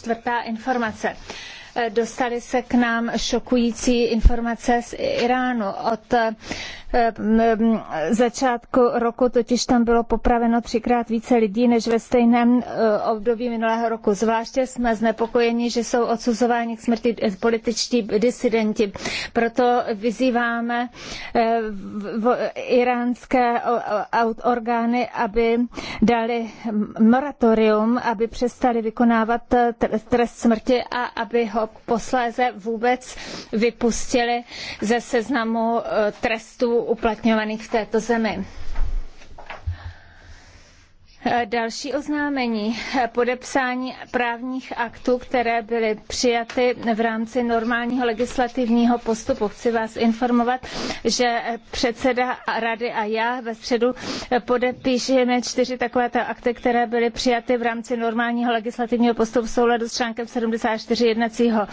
Čtvrtá informace. E, Dostaly se k nám šokující informace z Iránu od Eh, eh, začátku roku totiž tam bylo popraveno třikrát více lidí než ve stejném eh, období minulého roku. Zvláště jsme znepokojeni, že jsou odsuzováni k smrti političtí disidenti. Proto vyzýváme iránské orgány, aby dali moratorium, aby přestali vykonávat trest smrti a aby ho posléze vůbec vypustili ze seznamu trestů uplatňovaných v této zemi. Další oznámení podepsání právních aktů, které byly přijaty v rámci normálního legislativního postupu. Chci vás informovat, že předseda rady a já ve středu podepíšeme čtyři takovéto akty, které byly přijaty v rámci normálního legislativního postupu v souladu s článkem 74 jednacího